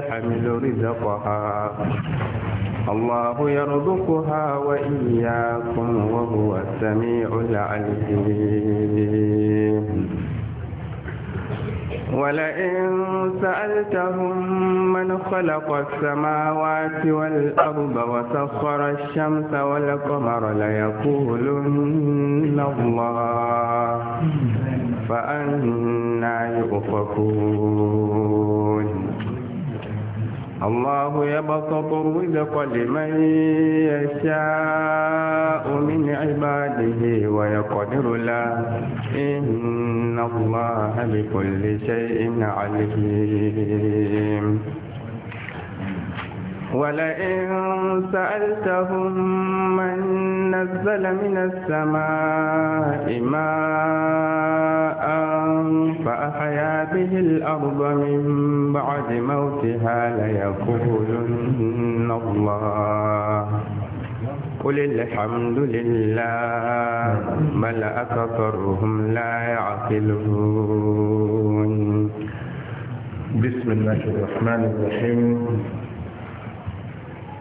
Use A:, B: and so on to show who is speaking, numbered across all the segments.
A: تحمل رزقها الله يرزقها وإياكم وهو السميع العليم ولئن سألتهم من خلق السماوات والأرض وسخر الشمس والقمر ليقولن الله فأنا يؤفكون الله يبسط الرزق لمن يشاء من عباده ويقدر له إن الله بكل شيء عليم ولئن سألتهم من نزل من السماء ماء فأحيا به الأرض من بعد موتها ليقولن الله قل الحمد لله بل أكثرهم لا يعقلون بسم الله الرحمن
B: الرحيم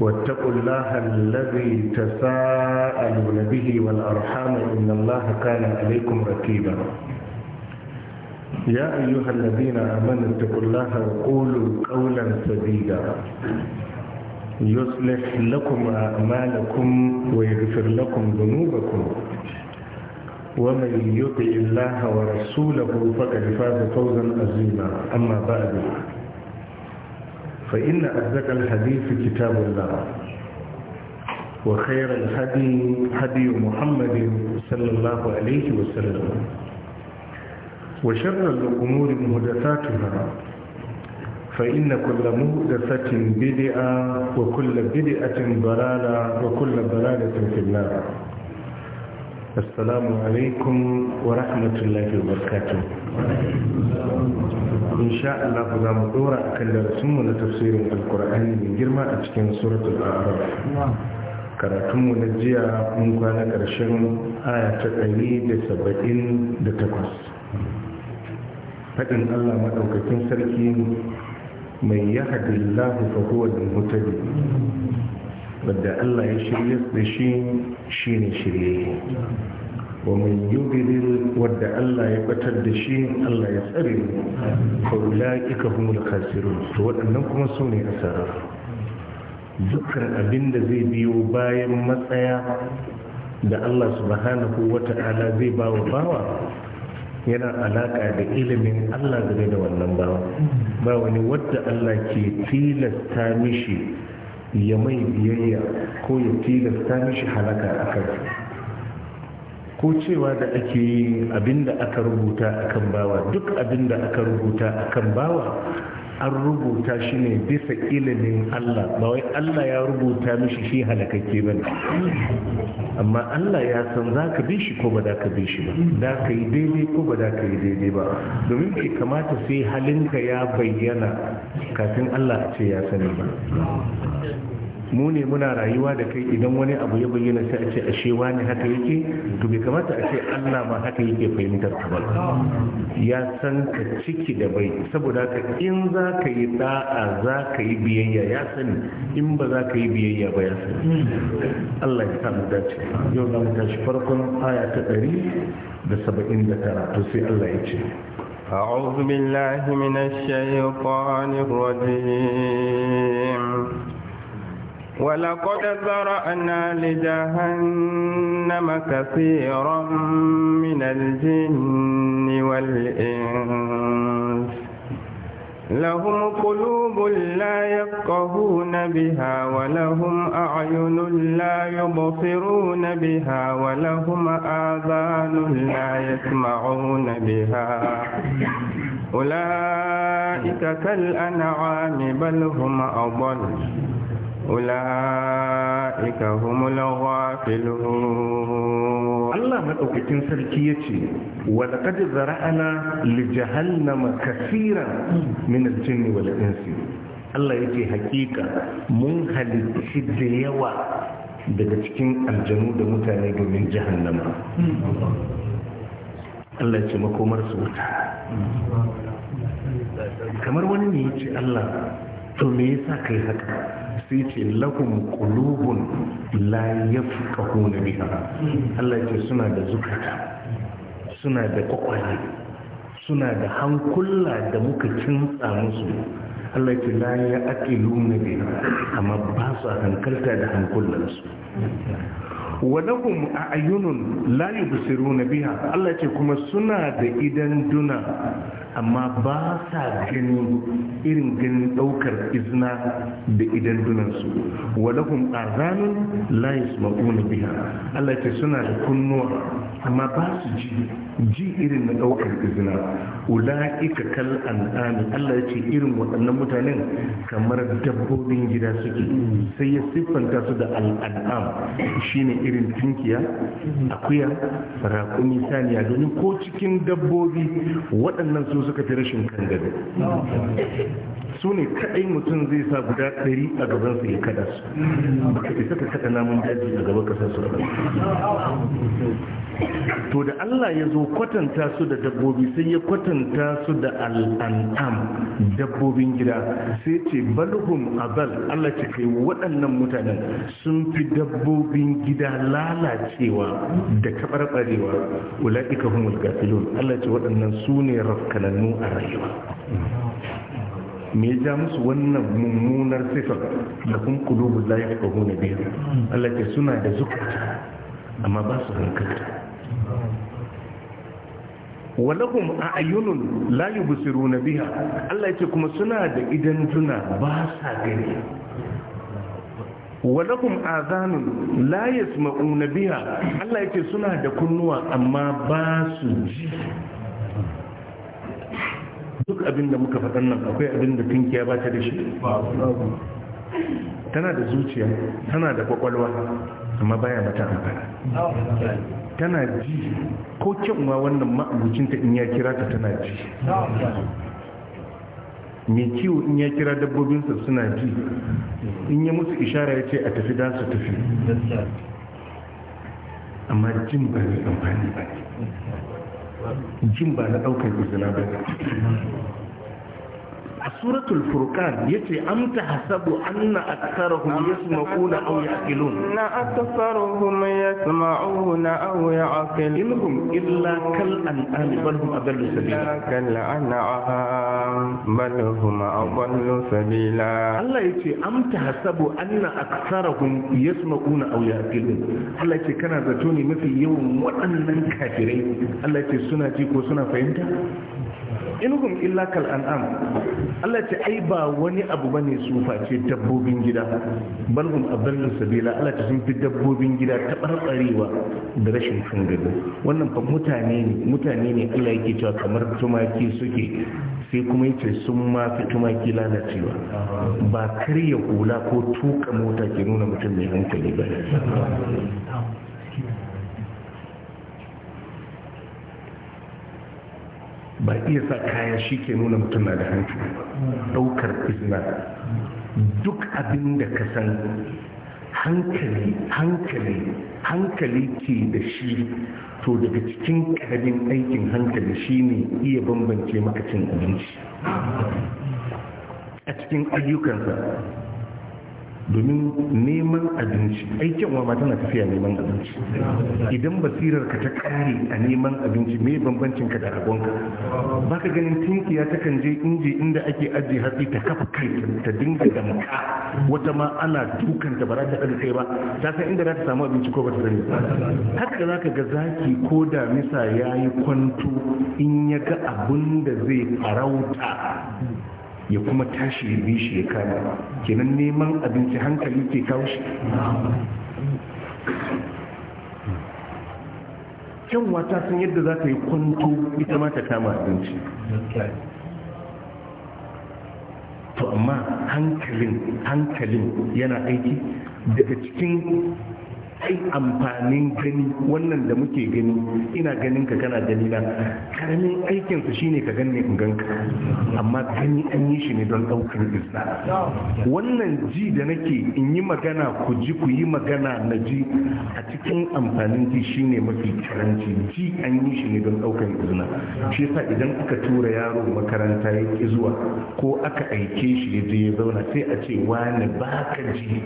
B: واتقوا الله الذي تساءلون به والأرحام إن الله كان عليكم ركيبا يا أيها الذين آمنوا اتقوا الله وقولوا قولا سديدا يصلح لكم أعمالكم ويغفر لكم ذنوبكم ومن يطع الله ورسوله فقد فاز فوزا عظيما أما بعد فإن أصدق الحديث كتاب الله وخير الهدي هدي محمد صلى الله عليه وسلم وشر الأمور مهدثاتها فإن كل مهدثة بدعة وكل بدعة ضلالة وكل ضلالة في النار السلام عليكم ورحمة الله وبركاته in sha Allah za mu dora kan darasinmu na tafsirin alkur'ani mai girma a cikin suratul a'raf karatunmu na jiya mun kwana karshen aya ta ɗari da saba'in da takwas faɗin Allah maɗaukakin sarki mai ya haɗe lafi fahuwar da mutane wadda Allah ya shirye da shi shi ne shirye wa mai yubi wadda Allah ya batar da shi Allah ya tsare mu fa ulai ka hum al khasirun to waɗannan kuma su ne asara dukkan abinda zai biyo bayan matsaya da Allah subhanahu wata'ala zai ba wa bawa yana alaƙa da ilimin Allah game da wannan bawa ba wani wadda Allah ke tilasta mishi ya mai biyayya ko ya tilasta mishi halaka a kansa ko cewa da ake yi abinda aka rubuta akan bawa duk abinda aka rubuta akan bawa an rubuta shi ne bisa ilimin Allah ba wai Allah ya rubuta mishi shi halakakke ba amma Allah ya san za ka bi shi ko ba za ka bi shi ba za ka yi daidai ko ba za ka yi daidai ba domin ke kamata sai halinka ya bayyana kafin Allah a ce ya sani ba mu ne muna rayuwa da kai idan wani abu ya bayyana sai a ce ashe wani haka yake to bai kamata a ce Allah ma haka yake fahimtar ka ba ya san ka ciki da bai saboda ka in za ka yi da'a za ka yi biyayya ya sani in ba za ka yi biyayya ba ya sani Allah ya samu dace yau za mu tashi farkon aya ta ɗari da saba'in da tara to sai Allah ya ce
A: أعوذ بالله من الشيطان الرجيم ولقد ذرأنا لجهنم كثيرا من الجن والإنس لهم قلوب لا يفقهون بها ولهم أعين لا يبصرون بها ولهم آذان لا يسمعون بها أولئك كالأنعام بل هم أضل sarki ya ce, الله ما zara'ana سركيتي jahannama ذرأنا لجهنم
B: كثيرا من الجن والإنس Allah ya hakika mun halitti da yawa daga cikin aljanu da mutane domin jahannama. Allah ya ce makomar su wuta.
C: Kamar wani ne ya ce Allah
B: to me yasa kai haka? sai ce lakum qulubun la yafqahuna biha Allah ce suna da zukata suna da kwakwale suna da hankula da muka kinsa musu Allah ce la ya aqiluna biha amma ba su hankalta da hankulansu walahum a ayyunun la yubsiruna biha Allah ce kuma suna da idan duna amma ba sa gani irin ganin daukar izna da idan su walahum azanun la yasma'una biha Allah ce suna da kunnuwa amma ba su ji ji irin na daukar izna ulaika kal an'ami Allah ce irin waɗannan mutanen kamar dabbobin gida suke sai ya siffanta su da al'an'am shine irin tunkiya akuya raƙumi saniya domin ko cikin dabbobi waɗannan su suka fi rashin kan gado su ne kaɗai mutum zai sa guda ɗari a gaban su ya kada su ba ka fi saka kaɗa namun daji a gaba ka su to da Allah ya zo kwatanta su da dabbobi sai ya kwatanta su da al'an'am dabbobin gida sai ce balhum abal Allah ce kai waɗannan mutanen sun fi dabbobin gida lalacewa da kabarbarewa ula'ika humul gafilun Allah ce waɗannan su ne rafkanannu a rayuwa me ya musu wannan mummunar sifar da kun kulubun layi ka hona biyar Allah ce suna da zukata amma ba su hankalta walahum a ayyunun layu busiru na biya Allah ce kuma suna da idan tuna ba sa gani walahum azanun la na biya, Allah ce suna da kunnuwa amma ba su ji duk abin muka faɗan nan akwai abinda da tunkiya ba ta da shi tana da zuciya tana da kwakwalwa amma baya mata amfana tana ji ko kyanwa wannan ma'abucinta in ya kira ta tana ji mai kiwo in ya kira dabbobinsa suna ji in ya musu ishara ya ce a tafi da su tafi amma jin ba ne amfani ba ne, jin ba na ɗaukar izina ba
A: a suratul furqan yace am tahsabu anna aktharahum yasma'una aw yaqilun na aktharuhum yasma'una aw yaqilun innahum illa kal an'am bal hum adallu sabila kal an'am bal hum adallu sabila Allah yace am tahsabu
B: anna aktharahum yasma'una aw yaqilun Allah yace kana zato ne mafi yawan waɗannan kafirai Allah yace suna ji ko suna fahimta inuhum illa kal an'am Allah ce ai ba wani abu bane su face dabbobin gida balhum abdallu sabila Allah ta sun fi dabbobin gida ta barbarewa da rashin gado. wannan fa mutane ne mutane ne Allah yake cewa kamar tumaki suke sai kuma yace sun ma fi tumaki lalacewa ba karya hula ko tuka mota ke nuna mutum mai hankali ba ba iya sa kaya shi ke nuna mutum na da hankali ɗaukar izina duk abin da ka san hankali hankali hankali ke da shi to daga cikin karamin aikin hankali shine iya bambance maka cin abinci a cikin ayyukansa domin neman abinci aikin wa tana tafiya neman abinci idan basirar ka ta kare a neman abinci me bambancin ka da ragonka ka ganin tinkiya ta kan je inji inda ake ajiye hatsi ta kafa kai ta dinga damka wata ma ana dukan ta ba ta kai ba ta san inda za ta samu abinci ko ba ta sani haka za ka ga zaki ko da misa ya yi kwanto in ya ga abin da zai farauta ya kuma tashi ya bi shi ya kama kenan neman abinci hankali ke kawo shi kyan wata san yadda za ta yi kwanto ita ma ta kama abinci to amma hankalin hankalin yana aiki daga cikin ai amfanin gani wannan da muke gani ina ganin ka kana dalila karamin aikin su shine ka ganni in ganka amma gani an yi shi ne don daukar isa wannan ji da nake in yi magana ku ji ku yi magana na ji a cikin amfanin ji shine mafi karanci ji an yi shi ne don daukar izina shi yasa idan aka tura yaro makaranta ya ki zuwa ko aka aike shi ya je ya zauna sai a ce wani baka ji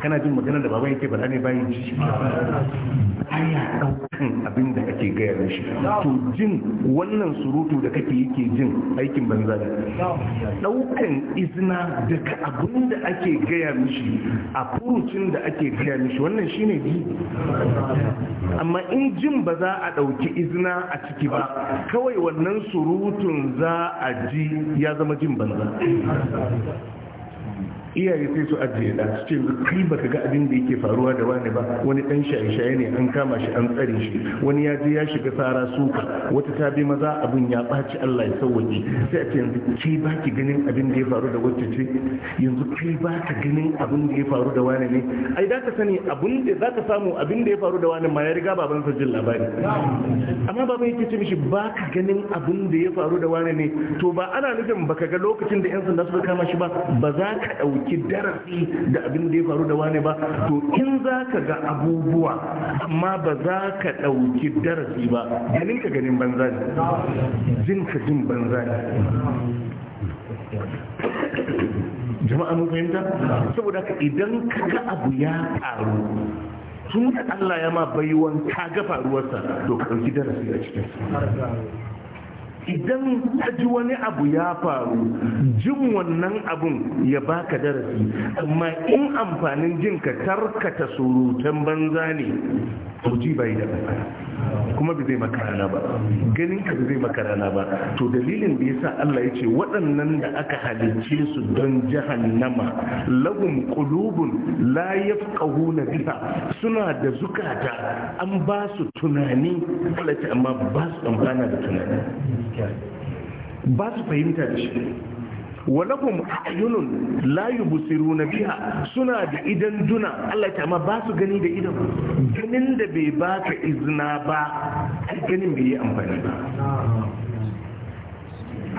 B: kana jin maganar da baban yake ba ne bayan shi ana ɗaukan abin da kake gaya shi. to jin wannan surutu da kake yake jin aikin banza ne ɗaukan izina daga abin da ake gaya mishi a furucin da ake gaya mishi wannan shine ji amma in jin ba za a ɗauki izina a ciki ba kawai wannan surutun za a ji ya zama jin banza iyaye sai su ajiye da su ce kai baka ga abin da yake faruwa da wani ba wani dan shaye-shaye ne an kama shi an tsare shi wani ya je ya shiga sara suka wata ta bi maza abin ya ɓaci Allah ya sauwaje sai a ce yanzu kai ba ki ganin abin da ya faru da wacce ce yanzu kai ba ka ganin abin da ya faru da wani ne ai da ka sani abin da za ka samu abin da ya faru da wani ma ya riga baban sa jin labari amma baba yake ce mishi ba ka ganin abin da ya faru da wani ne to ba ana nufin baka ga lokacin da yan sanda suka kama shi ba ba za ka ɗauki ɗauki darasi da abin da ya faru da wane ba to in za ka ga abubuwa amma ba za ka ɗauki darasi ba ganin ka ganin banza ne jin ka jin banza ne jama'a mun fahimta saboda ka idan ka ga abu ya faru tun da Allah ya ma baiwan ka ga faruwarsa to ka ɗauki darasi a cikin idan ji wani abu ya faru jin wannan abun ya baka darasi amma in amfanin jinka tarkata surutan banza ne to ji bai da amfani kuma bi zai maka rana ba ganin ka zai maka rana ba to dalilin da yasa Allah ya ce waɗannan da aka halicce su don jahannama lahum qulubun la yafqahuna biha suna da zukata an ba su tunani Allah amma ba su amfana da tunani ba su fahimta da shi walakum ayunun la na biha suna da idan duna Allah ta amma ba su gani da idan ganin da bai baka izina ba ganin bai yi amfani ba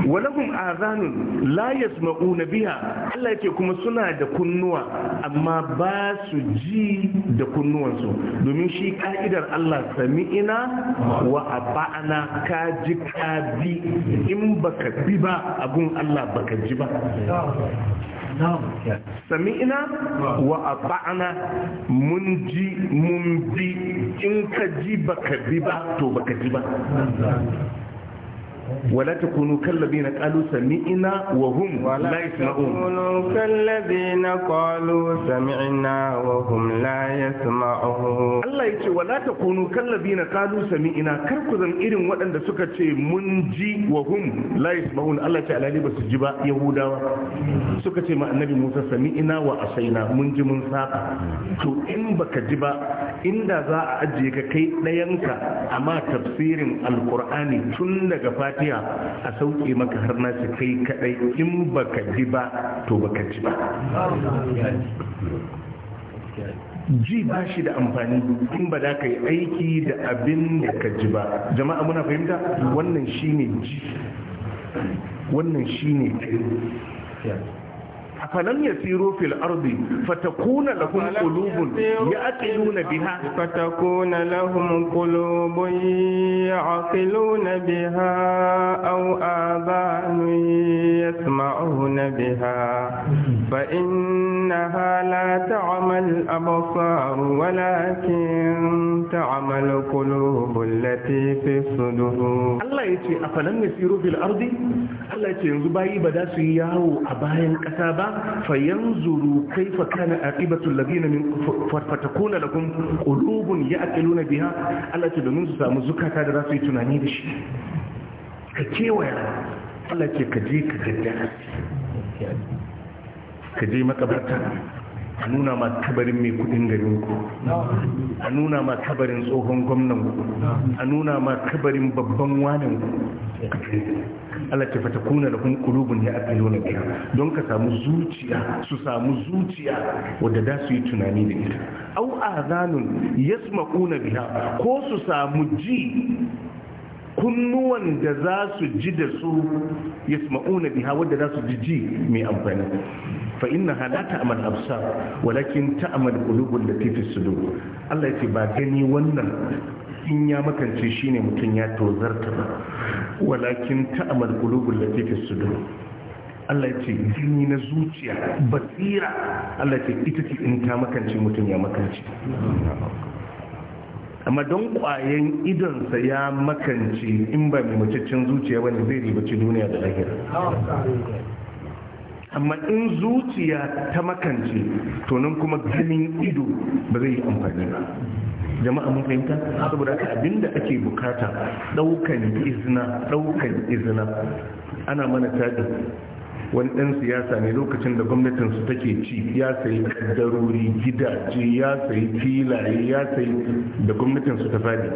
B: walahum azanun la yasma'una biha Allah yake kuma suna da kunnuwa amma ba su ji da kunnuwansu domin shi ka'idar Allah sami'ina wa aba'ana ka ji ka bi in baka bi ba abun Allah baka ji ba sami'ina wa aba'ana mun ji mun bi in ka ji baka bi ba to baka ji ba ولا تكونوا كالذين قالوا سمعنا وهم لا يسمعون تكونوا
A: كالذين قالوا سمعنا وهم لا يسمعون الله يقول ولا تكونوا كالذين
B: قالوا سمعنا كركزا إرن وأن سكت منجي وهم لا يسمعون الله تعالى لي بس جبا يهودا سكت مع النبي موسى سمعنا وأسينا منجي من ساقا تو إن بك جبا إن ذا أجيك كي نينك أما تفسير القرآن تن daga fata lafiya a sauke maka har nasu kai kadai in ba ka ji ba to ba ka ji ba ji ba shi da amfani in ba da ka yi aiki da abin da ka ji ba jama'a muna fahimta wannan shi ne ji wannan shine kai
A: afalam yasiru fil ardi fatakuna lahum qulubun ya'qiluna biha fatakuna lahum qulubun ya'qiluna biha aw adanun yasma'una biha fa innaha la ta'mal absar walakin ta'mal qulubul lati fi sudur Allah yace afalam yasiru fil ardi
B: Allah yace yanzu bayi ba za su yawo a bayan ƙasa ba kai fa kana aqibatul ladina min fatakuna lakum qulubun ya'qiluna biha Allah ce domin su samu zukata da za su yi tunani da shi ka kewaya Allah ce ka je ka gadda ka je makabarta a nuna ma kabarin mai kudin garin ku a nuna ma kabarin tsohon gwamnan ku a nuna ma kabarin babban wanin ku Allah ta fata kuna da kun kulubun ya aka yona biya don ka samu zuciya su samu zuciya wadda da su yi tunani da ita au azanun kuna biya, ko su samu ji kunnuwan da za su ji da su yasma'una biha wadda za su ji ji mai amfani fa innaha la ta'mal absar walakin ta'mal qulubul lati fi sudur Allah yace ba gani wannan in ya makance shine mutun ya tozarta ba walakin ta'mal qulubul lati fi sudur Allah yace jini na zuciya basira Allah yace ita ce in ta makance mutun ya makance amma don idon sa ya makance in ba mai mutaccen zuciya wani zai ribaci duniya da lahira amma in zuciya ta makance to kuma ganin ido ba zai yi amfani ba jama'a mun fahimta saboda haka abinda ake bukata daukan izina daukan izina ana mana tadi wani ɗan siyasa ne lokacin da gwamnatinsu take ci ya sayi kaddarori gidaje ya sayi filaye ya sayi da gwamnatinsu ta fadi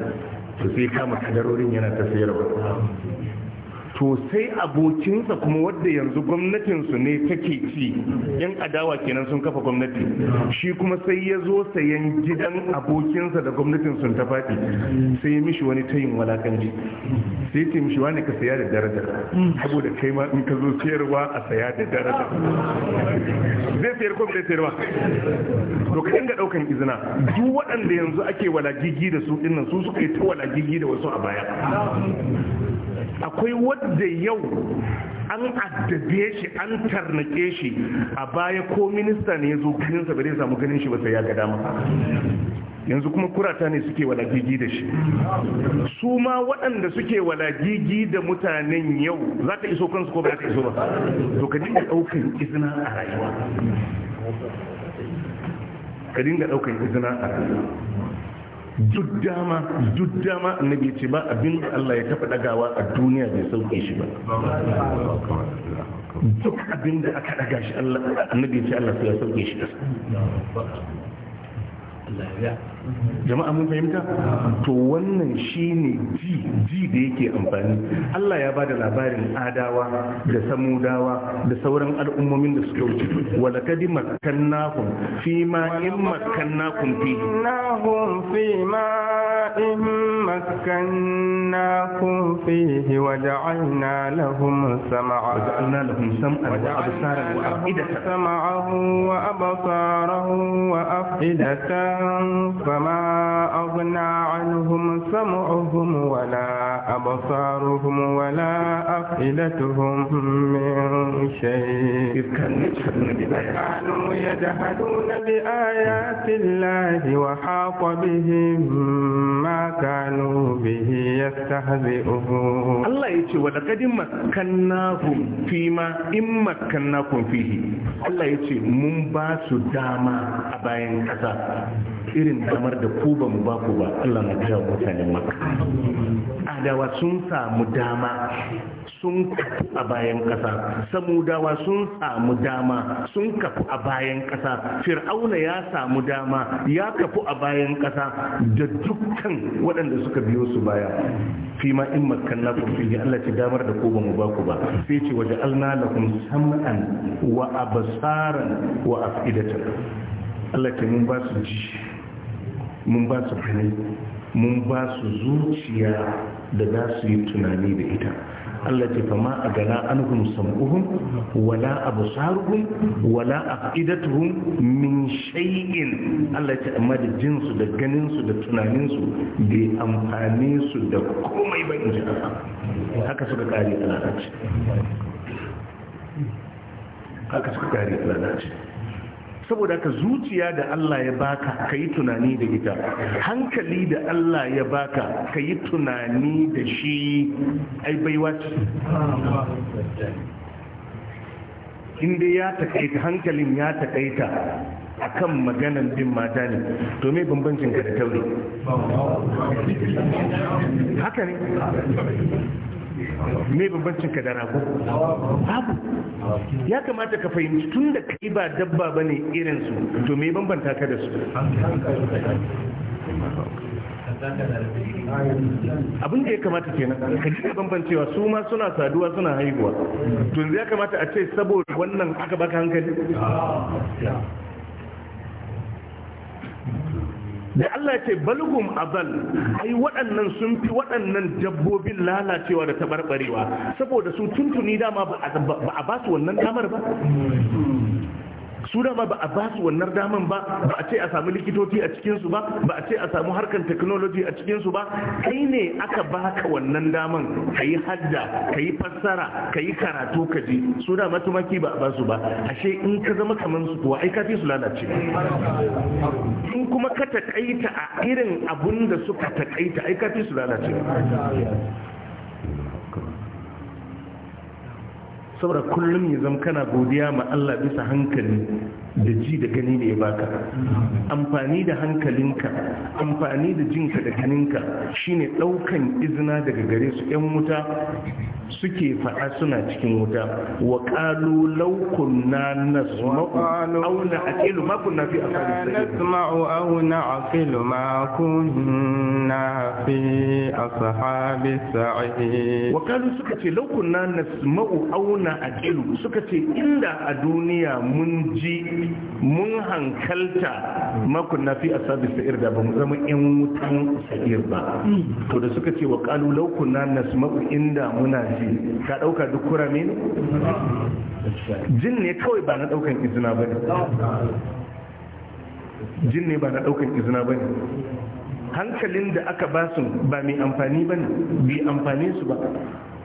B: to sai kama kaddarorin yana ta sayarwa to sai abokinsa kuma wadda yanzu gwamnatinsu ne take ci yan adawa kenan sun kafa gwamnati shi kuma sai ya zo sayan gidan abokinsa da gwamnatin sun ta faɗi sai ya mishi wani tayin walakanci sai ce mishi wani ka saya da daraja saboda kai ma in ka zo sayarwa a saya da daraja zai sayar ko zai sayarwa to ka dinga daukan izina duk waɗanda yanzu ake walagigi da su dinnan su suka yi ta walagigi da wasu a baya akwai wadda yau an addabe shi an tarnake shi a baya ko minista ne ya zo ganinsa ba zai samu ganin shi ba sai ya ga dama yanzu kuma kurata ne suke walagigi da shi su ma waɗanda suke walagigi da mutanen yau za ta iso kansu ko ba za ta iso ba to ka dinga ɗaukan izina a rayuwa ka dinga ɗaukan izina a rayuwa duk dama duk dama annabi ce ba abin da Allah ya taɓa ɗagawa a duniya bai sauke shi ba duk abin da aka ɗaga shi Allah annabi ce Allah ya sauke shi jama'a mun fahimta to wannan shine ji ji da yake amfani Allah ya bada labarin adawa da samudawa da sauran al'ummomin da suka wuce wala kadi makkannahum
A: fi ma in makkannahum fi مكناكم فيه وجعلنا لهم سمعا وجعلنا لهم سمعا وأبصارا وأفئدة سمعا وأبصارا وأفئدة فما أغنى عنهم سمعهم ولا أبصارهم ولا أفئدتهم من شيء إذ كانوا يجحدون بآيات الله وحاق بهم ma kanu bihi yastahzi'u Allah yace wa laqad makkannahum
B: fima in makkannakum fihi Allah yace mun ba su dama a bayan kasa irin damar da ku ba mu ba ku ba Allah na biya mutanen makka adawa sun samu dama sun kafu a bayan ƙasa samudawa sun samu dama sun kafu a bayan ƙasa fir'auna ya samu dama ya kafu a bayan ƙasa da dukkan waɗanda suka biyo su baya fi ma in makanna kun ya Allah ce damar da ko ba mu ba ku ba sai ce waje alna lakum sam'an wa absaran wa afidatan Allah ce mun ba su ji mun ba su fahimta mun ba su zuciya da za su yi tunani da ita Allah ce fama a gana an sam'uhum wala absaruhum wala a idatuhun min shay'in Allah ce amma da jinsu da ganinsu, da tunaninsu, da bai su da komai ba inji Allah haka suka kare alalaci haka suka kare alalaci saboda ka zuciya da Allah ya baka ka yi tunani da ita hankali da Allah ya baka ka yi tunani da shi ai baiwa ce inda ya takaita hankalin ya takaita akan maganan bin mata ne to me bambancin ka da taure haka ne me bambancin ka da rago babu ya kamata ka fahimci tun da kai ba dabba bane irin su to me bambanta ka da su abin da ya kamata kenan ka ji bambancewa su ma suna saduwa suna haihuwa to ya kamata a ce saboda wannan aka baka hankali da Allah ce balhum azal ai waɗannan sun fi waɗannan dabbobin lalacewa da tabarbarewa saboda su tuntuni dama ba a ba su wannan damar ba su da ba a ba su wannan daman ba ba a ce a samu likitoci a cikinsu ba ba a ce a samu harkar technology a cikinsu ba kai ne aka baka wannan daman ka hadda ka fassara ka karatu ka ji su da matumaki ba a ba su ba ashe in ka zama kaman su kuwa ai ka fi su lalace in kuma ka takaita a irin abun da suka takaita ai ka fi su lalace saboda kullum ya zama kana godiya ma Allah bisa hankali da ji da gani da ya baka amfani da hankalinka amfani da jinka da ganinka shine daukan izina daga gare su yan wuta suke faɗa suna cikin wuta
A: wa laukun na nasu auna
B: a na'qilu makon na fi a
A: nasu nasma'u a na'qilu ma na fi sahabi sa'id wa ƙalu suka ce law kunna nasma'u a
B: na'qilu suka ce inda a duniya mun ji mun hankalta na fi asabi sa'ir da ba mu zama yan wutan sa'ir ba to da suka ce wa qalu law kunna nasma'u inda muna ji ka dauka duk kurame ne jin ne kawai ba na daukan izina ne jin ne ba na daukan izina ne hankalin da aka basu ba mai amfani ba ne bi amfani su ba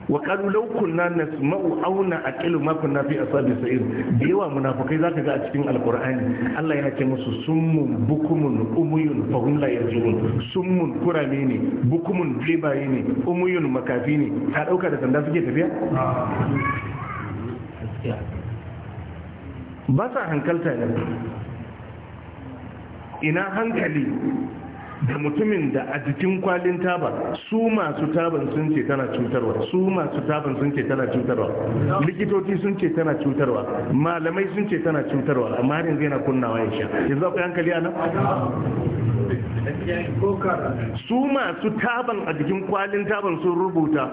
B: wa qalu na kunna nasma'u a na'qilu ma na fi a ashabi sa'ir da yawa za ka ga a cikin alqur'ani Allah ya ce musu summun bukumin umuyun fahum la yarjun summun kurame ne bukumun bebaye ne umuyun makafi ne ka ɗauka da sanda suke tafiya ba sa hankalta ne ina hankali da mutumin da a jikin kwalin taba su masu taban sun ce tana cutarwa su masu taban sun ce tana cutarwa likitoci sun ce tana cutarwa malamai sun ce tana cutarwa amma har yanzu yana kunnawa ya sha yanzu akwai hankali a nan su masu taban a jikin kwalin taban sun rubuta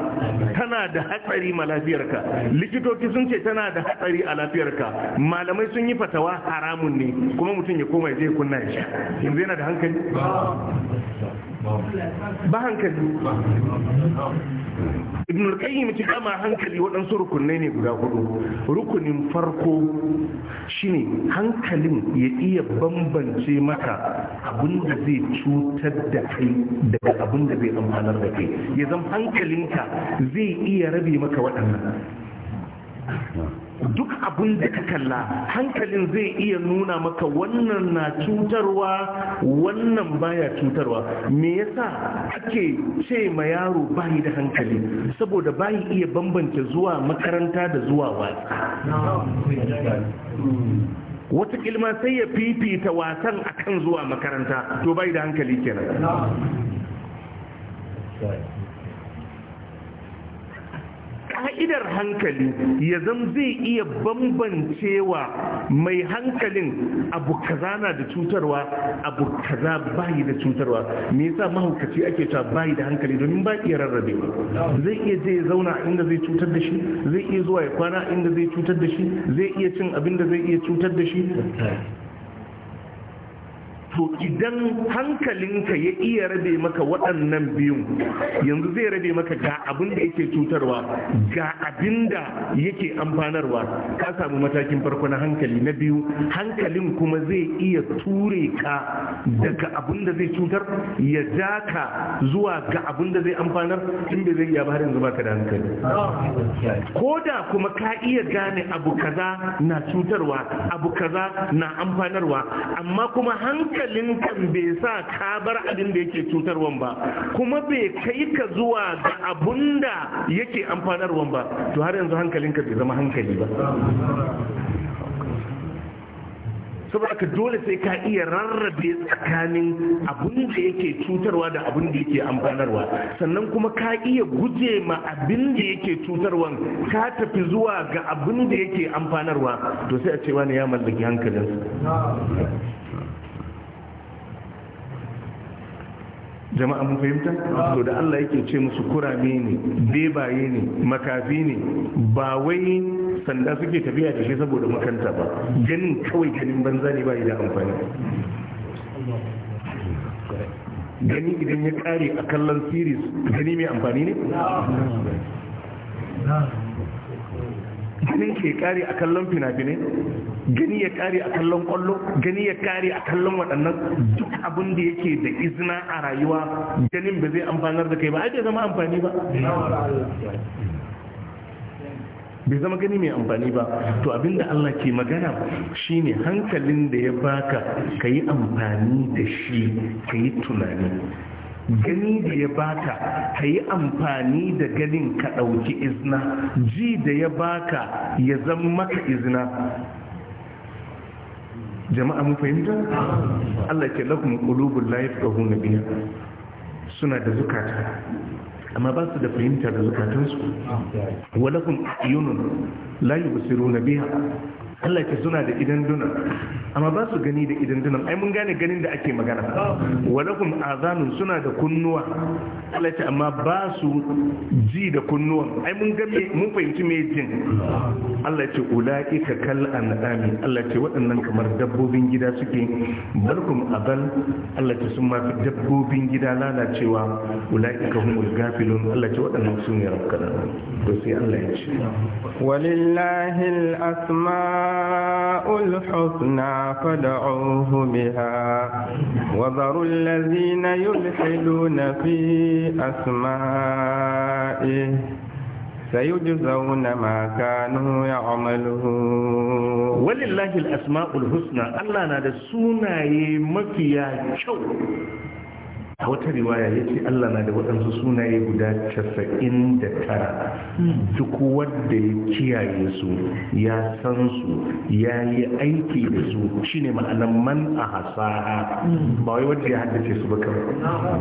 B: tana da hatsari ma lafiyarka likitoci sun ce tana da hatsari a lafiyarka malamai sun yi fatawa haramun ne kuma mutum ya koma ya je kunna ya sha yanzu yana da hankali
A: ba hankali
B: ibn al-qayyim kama hankali waɗansu rukunai ne guda hudu rukunin farko shine hankalin ya iya bambance maka abin zai cutar da kai daga abin da zai amfanar da kai ya zama hankalinka zai iya rabe maka waɗannan duk abin da ka kalla hankalin zai iya nuna maka wannan na cutarwa wannan baya cutarwa me yasa ake ce ma yaro bayi da hankali saboda bayi iya bambance zuwa makaranta da zuwa wasa wata kilma sai ya fifita wasan akan zuwa makaranta to bai da hankali kenan ka'idar hankali ya zan zai iya bambancewa mai hankalin abu kaza na da cutarwa abu kaza bayi da cutarwa me yasa mahaukaci ake cewa bayi da hankali domin ba iya rarrabe? zai iya je ya zauna inda zai cutar da shi zai iya zuwa ya kwana inda zai cutar da shi zai iya cin abin da zai iya cutar da shi to idan hankalinka ya iya rabe maka waɗannan biyu, yanzu zai rabe maka ga abin da yake cutarwa ga abin da yake amfanarwa ka samu matakin farko na hankali na biyu hankalin kuma zai iya ture ka daga abin da zai cutar ya ja ka zuwa ga abin da zai amfanar in da zai iya ba har yanzu baka da hankali ko da kuma ka iya gane abu kaza na cutarwa abu kaza na amfanarwa amma kuma hankali Hankalinkan kan bai sa ka bar abin da yake cutarwan ba kuma bai kai ka zuwa ga abun da yake amfanarwan ba to har yanzu hankalin ka bai zama hankali ba saboda ka dole sai ka iya rarrabe tsakanin abin da yake cutarwa da abin da yake amfanarwa sannan kuma ka iya guje ma abin da yake cutarwa ka tafi zuwa ga abin da yake amfanarwa to sai a cewa ne ya mallaki hankalinsa jama'a mun fahimta to da Allah yake ce musu kurame ne bebaye ne makafi ne ba wai sanda suke tafiya da shi saboda makanta ba ganin kawai ganin banza ne ba da amfani gani idan ya kare a kallon series gani mai amfani ne Gani ke kare a kallon fina-finai gani ya kare a kallon kwallo gani ya kare a kallon waɗannan duk abin da yake da izina a rayuwa ganin ba zai amfanar da kai ba ai bai zama amfani ba bai zama gani mai amfani ba to abinda Allah ke magana shine hankalin da ya baka ka yi amfani da shi ka yi tunani gani da ya baka ka yi amfani da ganin ka ɗauki izina ji da ya baka ya zama maka izina jama'a mu fahimta Allah ke lahum qulubul la yafqahuna biya suna da zukata amma ba su da fahimta da zukatansu wa lahum ayunun la yubsiruna biha Allah ka suna da idan dunan amma ba su gani da idan dunan ai mun gane ganin da ake magana walakum azanun suna da kunnuwa Allah ta amma ba su ji da kunnuwa. ai mun ga mun fahimci me jin Allah ce ulaika kal anami Allah ce waɗannan kamar dabbobin gida suke barkum abal Allah ta sun ma fi dabbobin gida lalacewa ulaika humul
A: gafilun Allah ce waɗannan sun yi rafkana to sai Allah ya ce walillahi al-asma الحسنى فدعوه بها وذروا الذين يلحدون في أسمائه سيجزون ما كانوا يعملون ولله الأسماء الحسنى الله نادى سونا
B: مكيا شو a wata riwaya ya ce Allah na da waɗansu sunaye guda casa'in da tara duk wadda ya kiyaye su ya san su ya yi aiki da su shine ma'anan man a hasaha ba wai ya haddace su ba kawai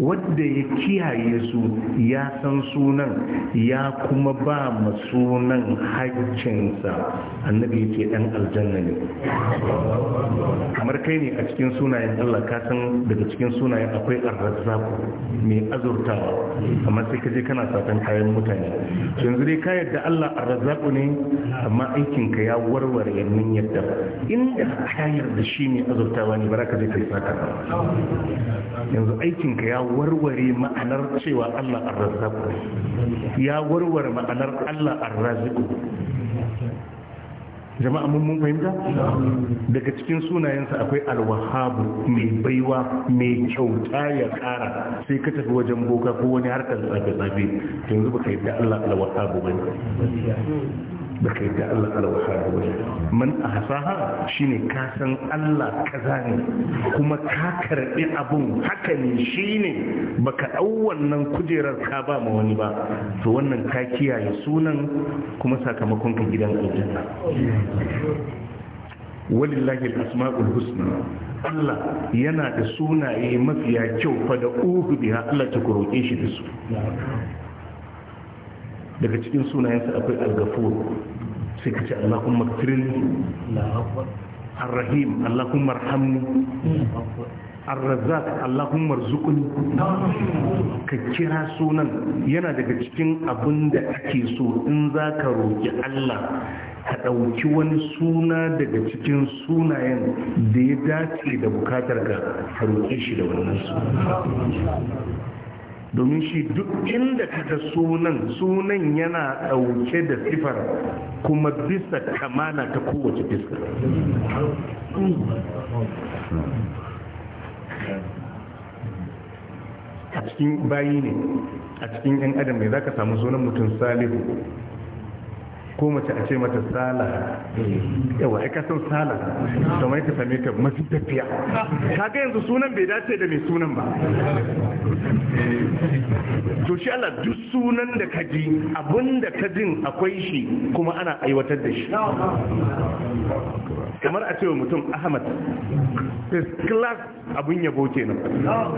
B: wadda ya kiyaye su ya san sunan ya kuma ba ma sunan haƙƙinsa annabi ce ɗan aljanna ne kamar kai ne a cikin sunayen allah ka san daga cikin sunayen akwai arrazzaku mai azurtawa amma sai ka je kana satan kayan mutane yanzu dai ka yadda allah arrazzaku ne amma aikinka ya warware yannin yadda inda ka yarda shi ne azurtawa ne ba za ka je kai saka yanzu aikinka ya warware ma'anar cewa Allah ya warware ma'anar Allah jama'a mun fahimta daga cikin sunayensa akwai alwahabu mai baiwa mai kyauta ya kara sai ka tafi wajen boka ko wani harkar tsafe-tsafe yanzu baka yi da Allah alwahabu bane da kai da Allah alawasa da man a hasaha shine ka san Allah kaza ne kuma ka karbi abun haka ne shine baka dau wannan kujerar ka ba ma wani ba to wannan ka kiyaye sunan kuma sakamakon ka gidan aljanna walillahi asma'ul husna Allah yana da sunaye mafiya kyau fa da uhu biha Allah ta kuroke shi da su daga cikin sunayensa akwai al sai ka ce allahumma kfirli ar-rahim allahumma arhamni ar-razzaq allahumma arzuqni ka kira sunan yana daga cikin abin da ake so in za ka roki Allah ka ɗauki wani suna daga cikin sunayen da ya dace da bukatar ka ka roƙe shi da wannan suna domin shi duk inda ka ka sunan sunan yana ɗauke da sifar kuma bisa kamala ta kowace fiska a cikin bayi ne a cikin 'yan adam ne za ka samu sunan mutum salihu ko mace a ce mata sala yawa ya kasan sala da mai ka same ta masu tafiya kaga yanzu sunan bai dace da mai sunan ba to shi Allah duk sunan da ka ji abinda ka jin akwai shi kuma ana aiwatar da shi kamar a cewa mutum ahmad first class abun yabo kenan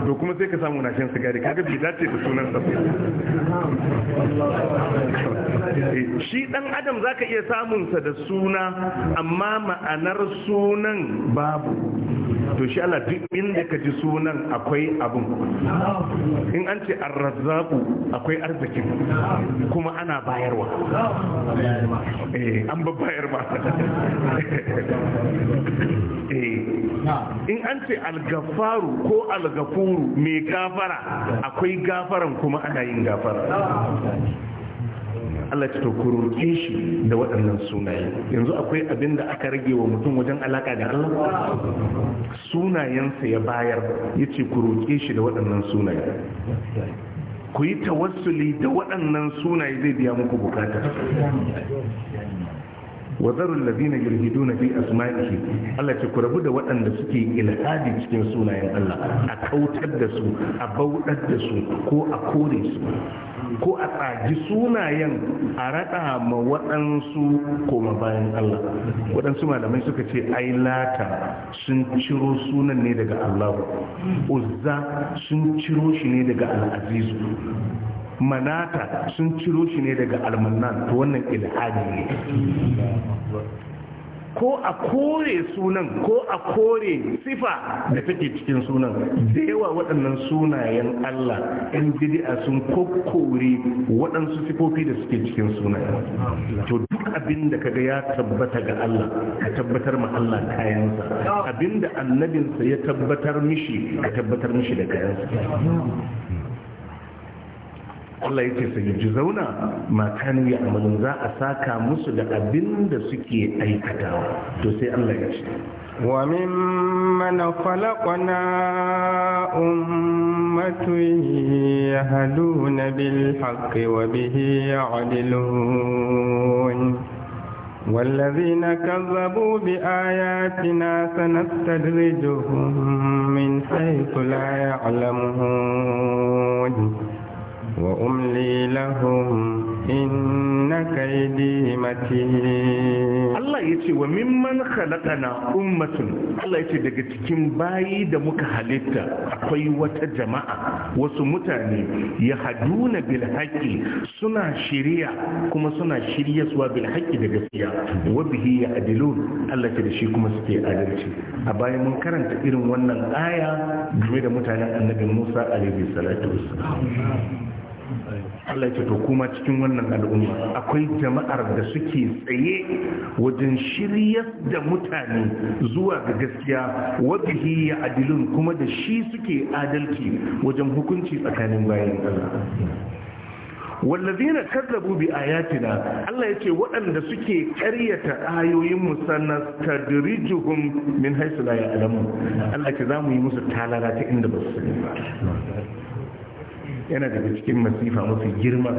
B: to kuma sai ka samu na shan sigari kaga bai dace da sunan sa eh, shi dan adam zaka iya samun sa da suna amma ma'anar sunan babu to shi Allah duk inda ka ji sunan akwai abun in an ce arrazzaku akwai arzikin kuma ana bayarwa eh an ba bayarwa Eh. in an ce algafaru ko algafuru mai gafara akwai gafaran kuma ana yin gafara Allah ta kururce shi da waɗannan sunaye yanzu akwai abin da aka rage wa mutum wajen alaka da Allah sunayensa ya bayar ya ce kururce shi da waɗannan sunaye ku yi tawassuli da waɗannan sunaye zai biya muku bukata wa zarul ladina yulhiduna fi asma'ihi Allah ce ku rabu da waɗanda suke ilhadi cikin sunayen Allah a kautar da su a bauɗar da su ko a kore su ko a tsagi sunayen a raɗa ma waɗansu koma bayan Allah waɗansu malamai suka ce ai lata sun ciro sunan ne daga Allah uzza sun ciro shi ne daga al'azizu manata sun ciro shi ne daga almanan ta wannan ilhadi ne ko a kore sunan ko a kore sifa da take cikin sunan da yawa waɗannan sunayen Allah ɗan bidi'a sun kokore waɗansu sifofi da suke cikin sunan. to duk abinda kaga ya tabbata ga Allah ka tabbatar ma Allah kayansa Abinda da annabinsa ya tabbatar mishi ka tabbatar mishi da kayansa Allah ya ce sayyaji zauna makanu ya amalin za a saka musu da abin da suke aikatawa to sai Allah ya ce
A: wa mimman khalaqna ummatun yahduna bil haqqi wa bihi ya'dilun والذين كذبوا بآياتنا سنستدرجهم من حيث لا يعلمون وأملي لهم إن كيدي متين الله يتي وممن خلقنا أمة الله يتي daga
B: cikin bayi da muka halitta akwai wata jama'a wasu mutane ya haduna bil suna shiriya kuma suna shirya suwa bil haqqi da gaskiya wa bihi ya'dilun Allah ce da shi kuma suke adalci a baya mun karanta irin wannan aya game da mutanen annabi Musa alaihi salatu wassalam Allah ya to kuma cikin wannan al'umma akwai jama'ar da suke tsaye wajen shiryar da mutane zuwa ga gaskiya wadda ya adilun kuma da shi suke adalci wajen hukunci tsakanin bayan Allah wallazina kazzabu bi ayatina Allah yace waɗanda suke ƙaryata ayoyin mu sanastadrijuhum min haythu la ya'lamun Allah ke zamu yi musu talala ta inda ba su sani ba yana daga cikin masifa mafi girma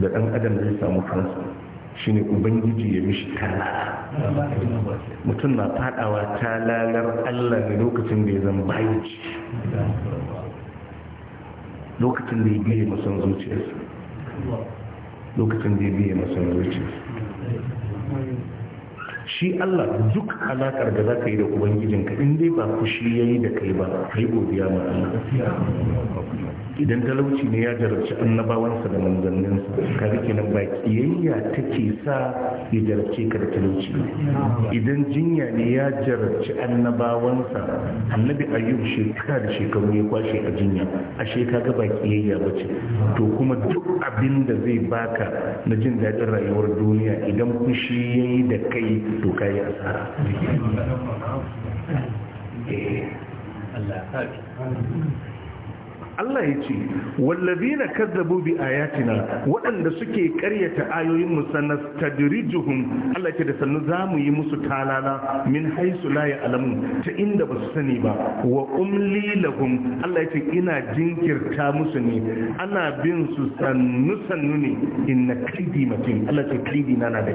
B: da ɗan adam zai samu kansa shine ubangiji ya mishi tala mutum na fadawa talalar allah ne lokacin da ya zama bayan lokacin da ya biye masan zuciyarsa lokacin da ya biye masan zuciyarsa shi Allah duk alakar da za ka yi da ubangijinka in dai ba shi ya yi da kai ba kai godiya ma Allah idan talauci ne ya jarabci annabawansa da manzanninsa ka rike nan ba kiyayya take sa ya jarabce ka da talauci idan jinya ne ya jarabci annabawansa annabi ayyub shekara da shekaru ya kwashe a jinya a shekara ba kiyayya ba ce to kuma duk abin da zai baka na jin daɗin rayuwar duniya idan kushi ya yi da kai to ka yi asara
C: eh, Allah
B: Allah ya ce na kazzabu bi ayatina waɗanda suke karyata ayoyin mu sanas tadrijuhum Allah ke da sannu zamu yi musu talala min haisu la ya'lamun ta inda ba su sani ba wa umli lahum Allah ya ce ina jinkirta musu ne ana bin su sannu sannu ne inna kaidi matin Allah ce kaidi na na da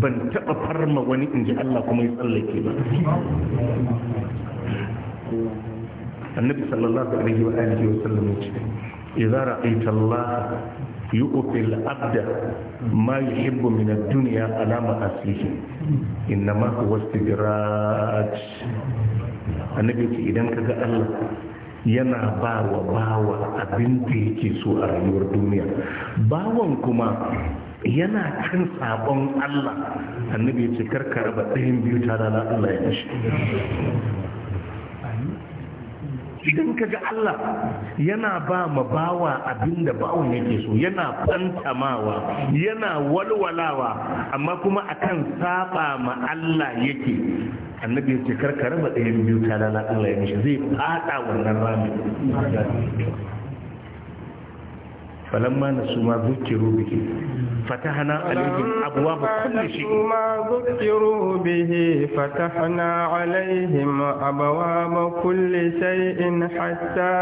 B: ban taba farma wani inji Allah kuma ya tsallake ba annabi sallallahu alaihi wa alihi wa sallam ya ce idza ra'aita Allah abda ma yuhibbu min ad-dunya ala ma aslihi inna ma huwa istidraj annabi ce idan kaga Allah yana ba bawa abin da yake so a rayuwar duniya bawan kuma yana kan sabon Allah annabi ce ka ba ɗayan biyu ta na Allah ya shi idan ka ga Allah yana ba ma bawa abin da bawan yake so yana fantamawa yana walwalawa amma kuma akan saba ma Allah yake annabi ce karkara ba ɗayan biyu ta lana Allah ya mishi zai fada wannan rami فلما نسوا ما ذكروا به فتحنا
A: عليهم أبواب كل شيء ما ذكروا به فتحنا عليهم أبواب كل شيء حتى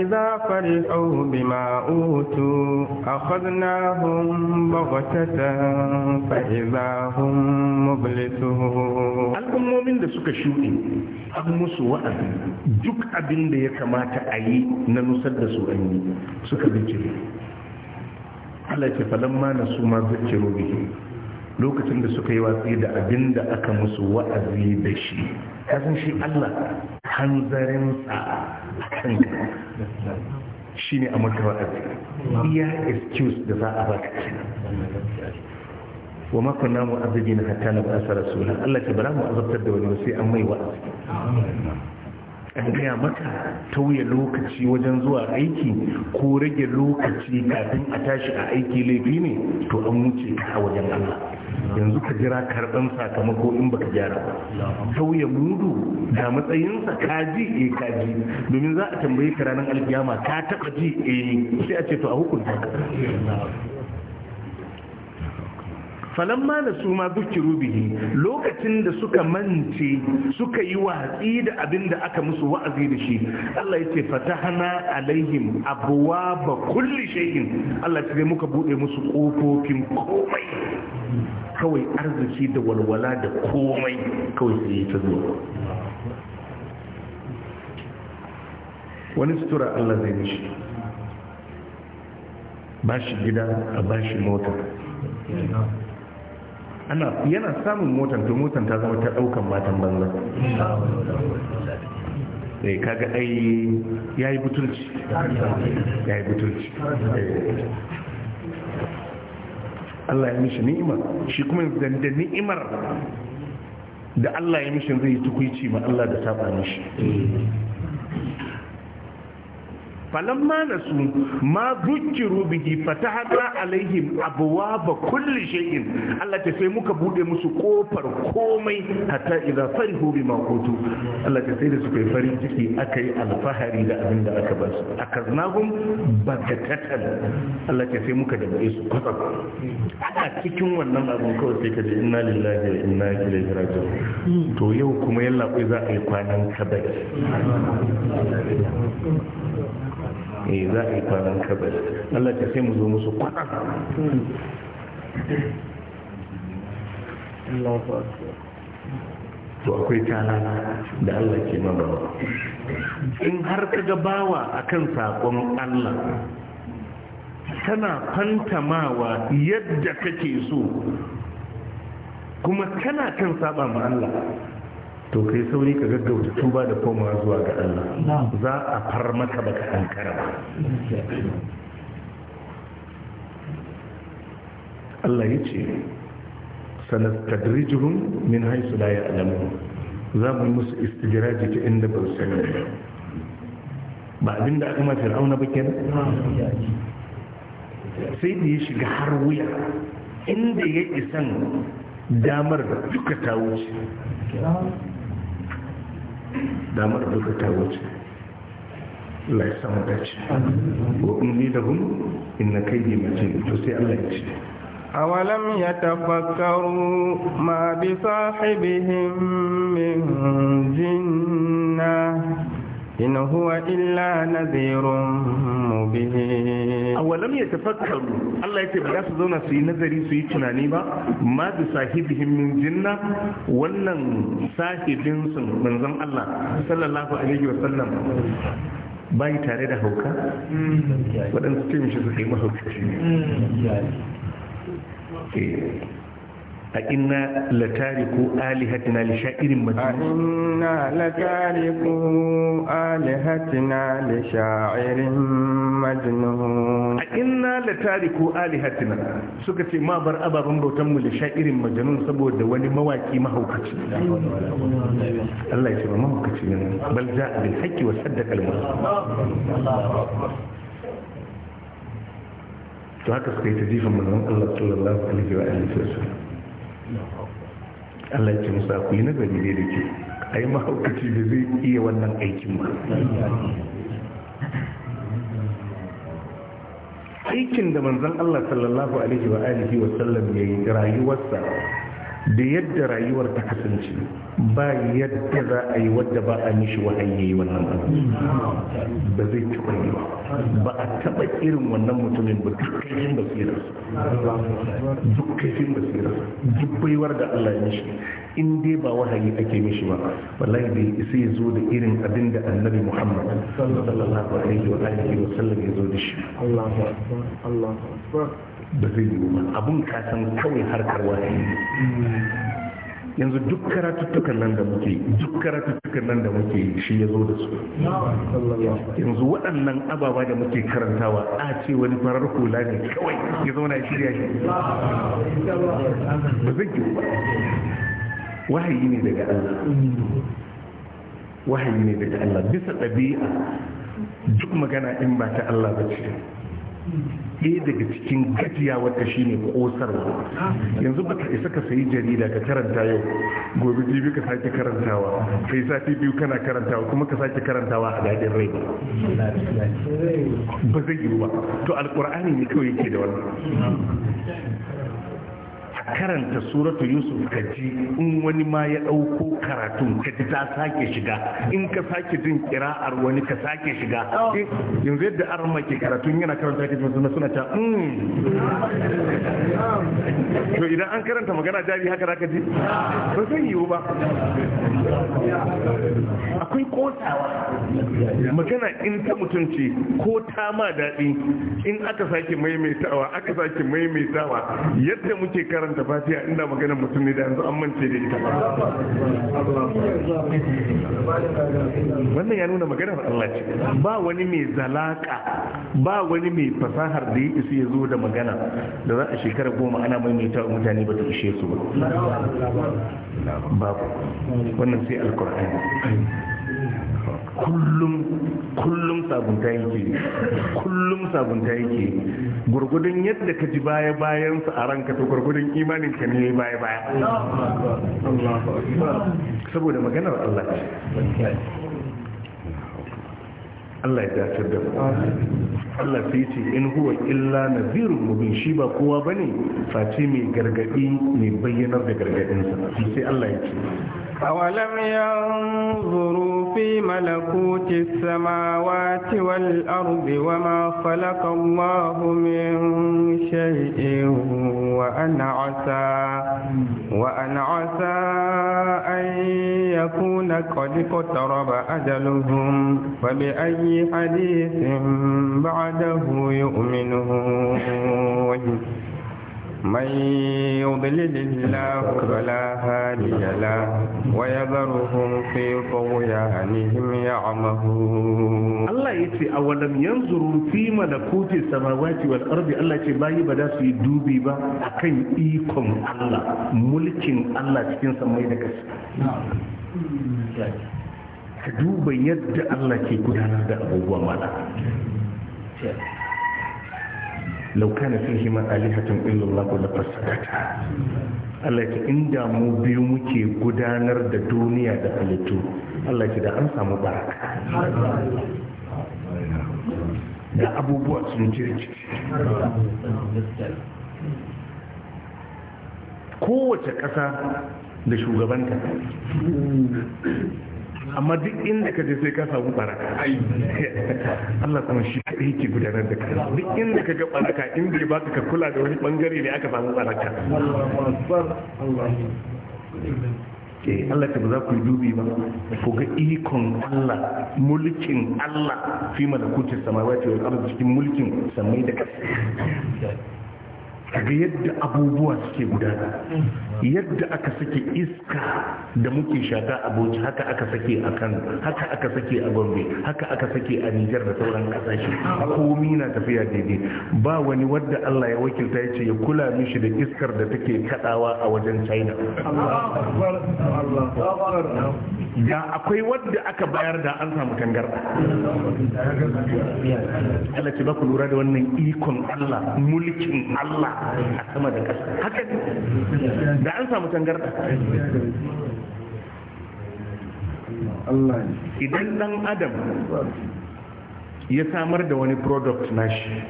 A: إذا فرحوا بما أوتوا أخذناهم بغتة فإذا هم مبلسون al'ummomin da suka shuɗe
B: an musu wa'azi duk abin da ya kamata a yi na nusar da su an yi suka bincike Allah ce falamma na su ma zuciro bihi lokacin da suka yi watsi da abin da aka musu wa'azi da shi kasan shi Allah hanzarinsa a kan shi ne a maka wa'azi iya excuse da za a baka kenan wa makon namu azabi na hatta na ba a Allah ce bara mu azabtar da wani sai an mai
C: wa'azi
B: a gaya maka tauye lokaci wajen zuwa aiki ko rage lokaci kafin a tashi a aiki laifi ne to an wuce ka a wajen Allah yanzu ka jira karɓan sakamako in baka gyara ba tauye mudu ga matsayinsa ka ji, e ka ji domin za a tambaye ka ranar alkiyama ka taɓa ji e sai a ce to a hukunta ka falamma da su ma zukiru bihi lokacin da suka mance suka yi watsi da abin da aka musu wa'azi da shi Allah ya ce fatahana alaihim abuwa ba kulli shay'in Allah ya muka bude musu kofofin komai kawai arziki da walwala da komai kawai sai ya zo wani sutura Allah zai mishi ba shi gida a ba shi mota ana yana samun motar to motar ta zama ta daukan matan banza sai eh, kaga ai yayi butulci yayi butulci eh. Allah ya mishi ni'ima shi kuma da ni'imar da Allah ya mishi zai tukuici ma Allah da saba mishi falamma nasu ma bukiru bihi fatahna alaihim abwaaba kulli shay'in Allah ta sai muka buɗe musu kofar komai hatta idza farihu bima qutu Allah ta sai da suka yi farin ciki akai alfahari A abin da aka ba su akaznahum bagatatan Allah ta sai muka dabe su kwatsam ana cikin wannan abin kawai sai ka ji inna lillahi wa inna ilaihi raji'un to yau kuma yalla za a yi kwanan kabari ne za a yi kwanan kabar Allah ta sai mu zo musu kwanan to akwai tana da Allah ke mabawa in har ka gabawa a kan sakon Allah tana fantamawa yadda kake so kuma tana kan saba ma Allah to kai sauri ka gaggauta tuba da koma zuwa ga Allah za a far maka baka ankara ba Allah ya ce tadrijuhun min haisu la ya'lamun za mu musu istijiraji ta inda ba su sani ba abinda aka mafi fir'auna ba kenan sai da ya shiga har wuya inda ya isan damar duka ta wuce damar duka ta wuce Allah ya samu dace ni da lahum inna kaydi mace to sai Allah ya ce
A: أولم يتفكروا ما بصاحبهم من جنة إن هو إلا نذير مبين
B: أولم يتفكروا
A: الله يتبع يسدون في نذري في تنانيبا
B: ما بصاحبهم من جنة ولن صاحب من زم الله صلى الله عليه وسلم bayi tare da hauka waɗansu ce mishi suka yi mahaukaci ne
A: أئنا لتاركو آلهتنا لشاعر مجنون أئنا لتاركوا آلهتنا لشاعر مجنون
B: أئنا لتاركو
A: آلهتنا سكتي ما بر أبا بمرو
B: تم لشاعر مجنون سبو دواني مواكي ما هو كتش الله يسمى ما هو كتش بل جاء بالحق وصدق المرسل
C: الله أكبر
B: suka yi ta jifin manzon Allah sallallahu alaihi wa alihi wasallam Allah ke musa ku yi nazari ne da ke ai mahaukaci da zai iya wannan aikin ba aikin da manzon Allah sallallahu alaihi wa alihi wa sallam yayi rayuwarsa da yadda rayuwar ta kasance ba yadda za a yi wadda ba a mishi wahayi wannan abu ba zai taɓa yi ba a taɓa irin wannan mutumin ba dukkanin basira. dukkanin basira, dubbaiwar da Allah ya shi in dai ba wahayi ake mishi ba wallahi bai isa ya zo da irin abin da annabi Muhammad sallallahu alaihi wa alihi wa sallam ya zo da shi Allahu akbar Allahu akbar ba zai yi ba abun ka san kawai harkar wani yanzu duk karatuttukan nan da muke duk karatuttukan nan da muke shi ya zo da su yanzu waɗannan ababa da muke karantawa a ce wani farar hula ne kawai ya zauna ya shirya shi ba zai yi ba wahayi ne daga Allah wahayi ne daga Allah bisa ɗabi'a duk magana in ba ta Allah ba ce ɗaya daga cikin gajiya wadda shi ne ƙosarwa yanzu baka isa ka sayi jarida ka karanta yau gobe jibi ka sake karantawa sai sati biyu kana karantawa kuma ka sake karantawa a daɗin rai ba zai yiwu ba to alƙur'ani ne kawai yake da wannan karanta suratu yusuf ka ji in wani ma ya ɗauko karatun ka ji ta sake shiga in ka sake jin kira'ar wani ka sake shiga eh, yanzu yadda arma ke karatun yana karanta ke ji suna suna ta hmm. to idan an karanta magana jari haka za ka ji ba zai yiwu ba akwai kotawa. magana in ta mutunci ko ta ma daɗi in aka sake maimaitawa aka sake maimaitawa yadda muke karanta karanta fatiya inda maganar mutum ne da yanzu an mance da ita wannan ya nuna maganar Allah ce ba wani mai zalaka ba wani mai fasahar da ya isu ya zo da magana da za a shekara goma ana maimaita mutane ba ta ishe su ba babu wannan sai alkur'ani kullum kullum sabunta yake kullum sabunta yake gurgudun yadda ka ji baya bayan su a ranka to gurgudun imanin ka ne baya baya saboda maganar Allah Allah ya dace da Allah sai ce in huwa illa nazirun mubin shi ba kowa bane face mai gargadi mai bayyanar da gargadinsa sai Allah ya ce
A: أولم ينظروا في ملكوت السماوات والأرض وما خلق الله من شيء وأن عسى وأن عسى أن يكون قد اقترب أجلهم فبأي حديث بعده يؤمنون من يضلل الله فلا هادي له ويذرهم في طغيانهم يعمهون الله يتي اولم ينظروا في
B: ملكوت السماوات والارض الله يتي باي بدا في دوبي با اكن ايكم الله ملك الله cikin تكين سمي دكس ka duba yadda Allah ke gudanar da abubuwa mala lau kana fihima alihatun illallah wa lafasadata Allah ce inda mu biyu muke gudanar da duniya da halittu
C: Allah ce da an samu baraka
B: da abubuwa sun jirgi kowace ƙasa da shugabanta amma duk inda ka je sai ka samu baraka Allah kuma shi kaɗai yake gudanar da kai duk inda ka ga baraka inda ya baka ka kula da wani bangare ne aka samu baraka eh, Allah ta ba za ku yi dubi ba ku ga ikon Allah mulkin Allah fi malakutin samawati wani abu cikin mulkin samai da ƙasa kaga yadda abubuwa suke gudana yadda aka sake iska da muke shaka a bauchi haka aka sake a kano haka aka sake a gombe haka aka sake a nijar da sauran kasashe komi na tafiya daidai ba wani wadda allah ya wakilta ya ce ya kula mishi da iskar da take kadawa a wajen china da akwai wadda aka bayar da an samu tangarda Allah ce ba ku lura da wannan ikon Allah mulkin Allah a sama da ƙasa haka da da an samu tangarda idan dan adam ya samar da wani product nashi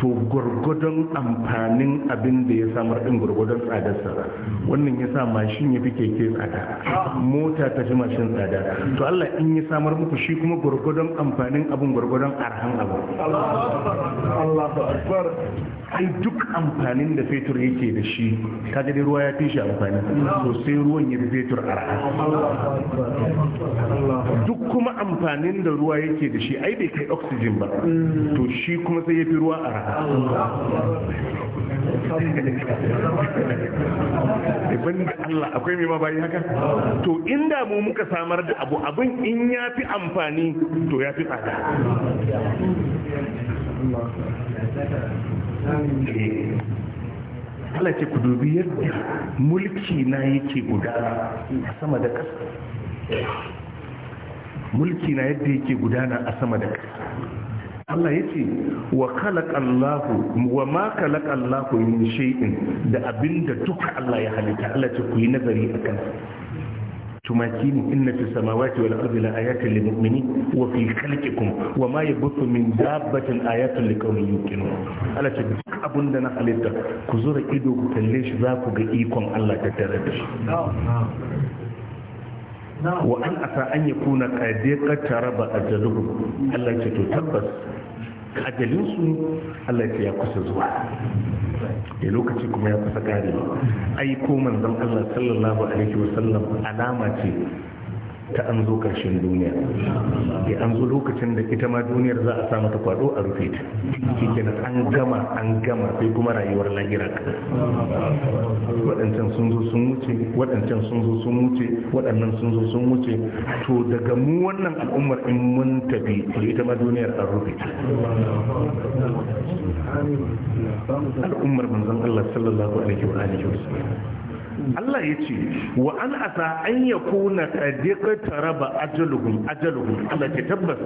B: to gwargwadon amfanin abin da ya samar din gwargwadon tsadarsa wannan ya sa mashin ya fi keke tsada mota ta fi mashin tsada to Allah in ya samar muku shi kuma gwargwadon amfanin abin gwargwadon arhan abu
C: Allahu akbar
B: ai duk amfanin da fetur yake da shi kaga dai ruwa ya fi shi amfani to sai ruwan ya fi fetur arha duk kuma amfanin da ruwa yake da shi ai bai kai oxygen ba mm. to shi kuma sai ya fi ruwa ruwa a ibin da Allah inda mu muka samar da abu abin in eh. ce ku dubi yadda mulki na yake gudana a sama da ƙasa mulki na yadda yake gudana a sama da ƙasa Allah ya ce wa kalakallahu wa ma kalakallahu min shay'in da abinda duka Allah ya halitta Allah ce ku yi nazari akan tumaki ne inna fi samawati wal ardi la ayatin lil mu'minin wa fi khalqikum wa ma yabuthu min dabbatin ayatun liqaumin yuqinun Allah ce duk abinda na halitta ku zura ido ku kalle shi za ku ga ikon Allah ta tare da shi wa an asa an yakuna kattara ba ajaluhum Allah ya ce to tabbas su Allah ya ya kusa zuwa a lokaci kuma ya kusa ai ko manzon Allah sallallahu alaihi wasallam alama ce ta an zo karshen duniya ya an zo lokacin da ita ma duniyar za a samu ta kwado a rufe ta shi an gama an gama sai kuma rayuwar lahira waɗancan sun zo sun wuce waɗancan sun zo sun wuce waɗannan sun zo sun wuce to daga mu wannan al'ummar in mun tafi to ita ma duniyar an rufe ta al'ummar manzon Allah sallallahu alaihi wa alihi wa sallam Allah ya ce wa an asa an ya kuna kadiƙa tara ba ajaluhun ajaluhun Allah ce tabbas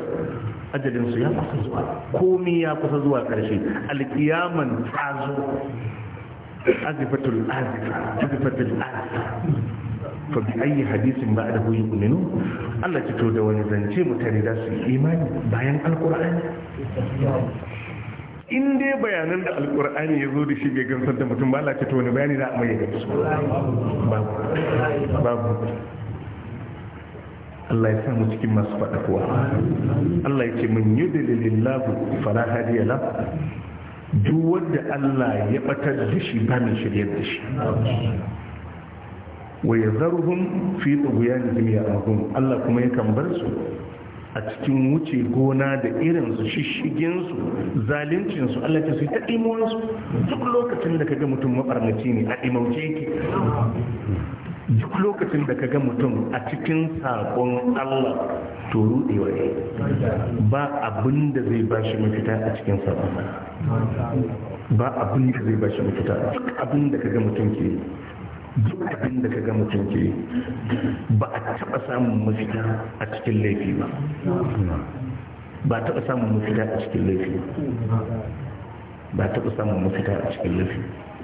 B: ajalinsu ya kusa zuwa komi ya kusa zuwa ƙarshe alƙiyaman tazo azifatul azifa azifatul azifa fa bi ayi hadisin ba da huyu kuminu Allah ce to da wani zance mutane da su imani bayan alkur'ani in dai bayanan da alkur'ani ya zo da shi bai gamsar da mutum ba Allah ce to wani bayani za a mai gamsu babu babu Allah ya samu cikin masu faɗa kuwa Allah ya ce mun yi labu fara hadiya la duk wanda Allah ya batar da shi ba mai shirya da shi wa yazarhum fi tughyanihim ya'mahun Allah kuma yakan bar su a cikin wuce gona da irinsu zalincin su Allah ta sai ta ɗimuwansu duk lokacin da ka ga mutum mabarnaci ne a ɗimauce yake duk lokacin da ka ga mutum a cikin sakon Allah to ruɗewa ne ba abin da zai ba shi mafita a cikin Allah ba abin da zai ba shi mafita duk abin da ka ga mutum ke duk abin da ka ga mutum ke ba a taɓa samun mafita a cikin laifi ba ba taɓa samun mafita a cikin laifi ba taɓa samun mafita a cikin laifi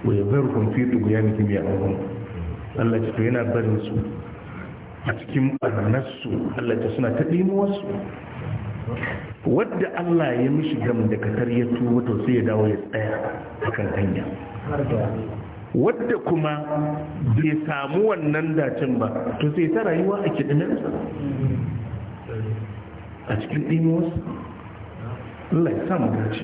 B: wa ya bayar kun fi dubu ya mutum ya abu Allah ce to yana barin su a cikin barnarsu Allah ce suna ta wasu. wadda Allah ya mishi gam da katar ya tuwa to sai ya dawo ya tsaya a kan hanya wadda kuma bai samu wannan dacin ba to sai ta rayuwa a kidinin a cikin dimos Allah ya samu dace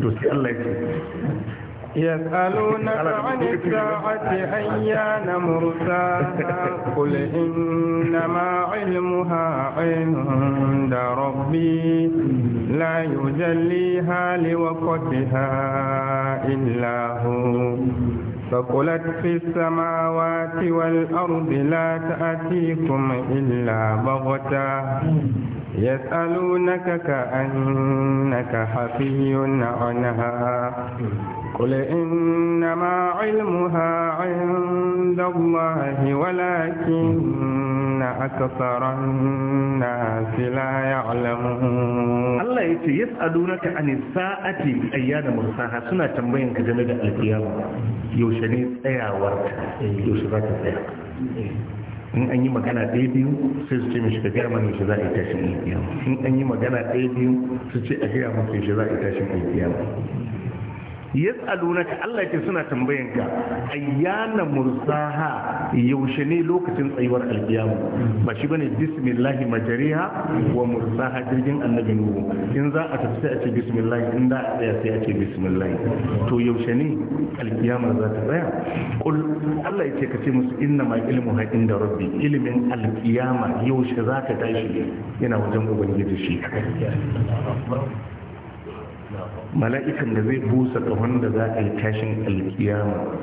B: to sai Allah ya ce
A: ya tsalo na ra'ani sa'ati hanya na mursa kula inna ma'ilmu ha'in da rabbi la yujalli hali wa kwatiha illahu ثقلت في السماوات والأرض لا تأتيكم إلا بغتة يسألونك كأنك حفي عنها قل إنما علمها عند الله ولكن أكثر الناس لا يعلمون
B: الله يتي يسألونك عن الساعة أيان مرساها سنة تنبين كجمد القيامة يوش yaushe ne tsayawar yaushe eh, za ta tsaya in an yi magana ɗaya biyu sai su ce mai shiga gaya mana shi za a yi tashin alkiyama in an yi magana ɗaya biyu su ce a gaya masa shi za a yi tashin alkiyama ka Allah yake suna tambayan ka ayyana mursaha yaushe ne lokacin tsayuwar alkiyama ba shi bane bismillahi majariha wa mursaha jirgin annabi nuhu in za a tafi a ce bismillahi in da a tsaya sai a ce bismillahi to yaushe ne alkiyama za ta tsaya kul Allah yake kace musu inna ma ilmu ha inda rabbi ilimin alkiyama yaushe za ka tashi yana wajen ubangiji shi mala'ikan da zai busa kahon da za a yi tashin alkiyama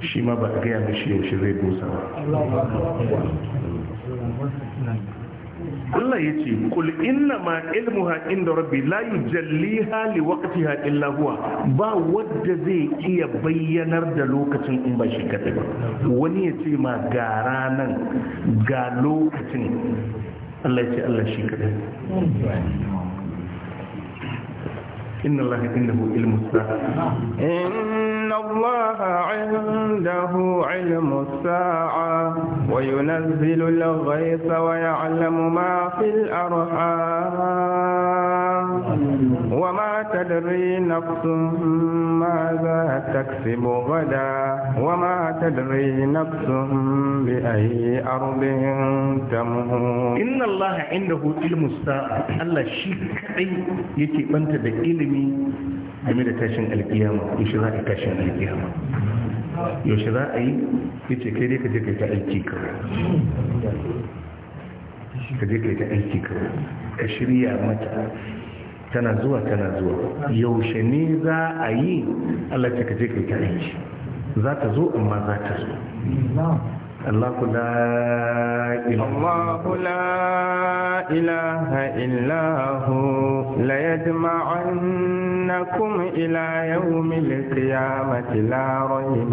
B: shi ma ba a gaya mashi yaushe zai busa ba Allah ya ce kul inna ma ilmuha inda rabbi la yujalliha li waqtiha illa huwa ba wadda zai iya bayyanar da lokacin in ba shi kadai ba wani ya ce ma ga ranan ga lokacin Allah ya
A: ce Allah shi kadai
B: إن الله عنده علم الساعة
A: إن الله عنده علم الساعة وينزل الغيث ويعلم ما في الأرحام وما تدري نفس ماذا تكسب غدا وما تدري نفس بأي أرض تموت إن
B: الله عنده علم الساعة الله شيء yake banta da ilimi game da tashin alkiyama yaushe za a tashin alkiyama yaushe za a yi ya kai dai ka je aiki ka je aiki ka shirya mata tana zuwa tana zuwa yaushe ne za a yi Allah ta kaje kai ta aiki za ta zo amma za ta zo
A: الله لا إله الله لا إله إلا هو ليجمعنكم إلى يوم القيامة لا ريب